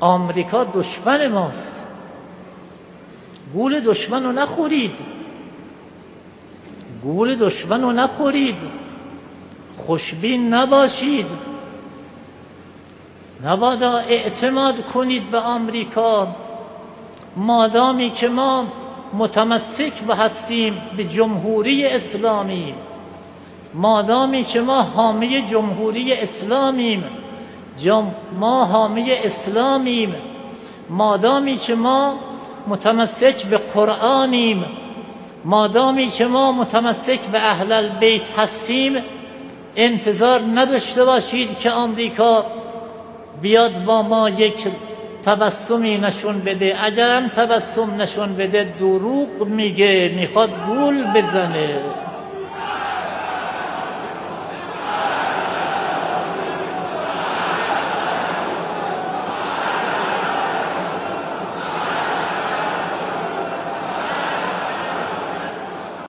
آمریکا دشمن ماست گول دشمن رو نخورید گول دشمن رو نخورید خوشبین نباشید نبادا اعتماد کنید به آمریکا مادامی که ما متمسک به هستیم به جمهوری اسلامی مادامی که ما حامی جمهوری اسلامیم ما حامی اسلامیم مادامی که ما متمسک به قرآنیم مادامی که ما متمسک به اهل بیت هستیم انتظار نداشته باشید که آمریکا بیاد با ما یک تبسمی نشون بده اگرم تبسم نشون بده دروغ میگه میخواد گول بزنه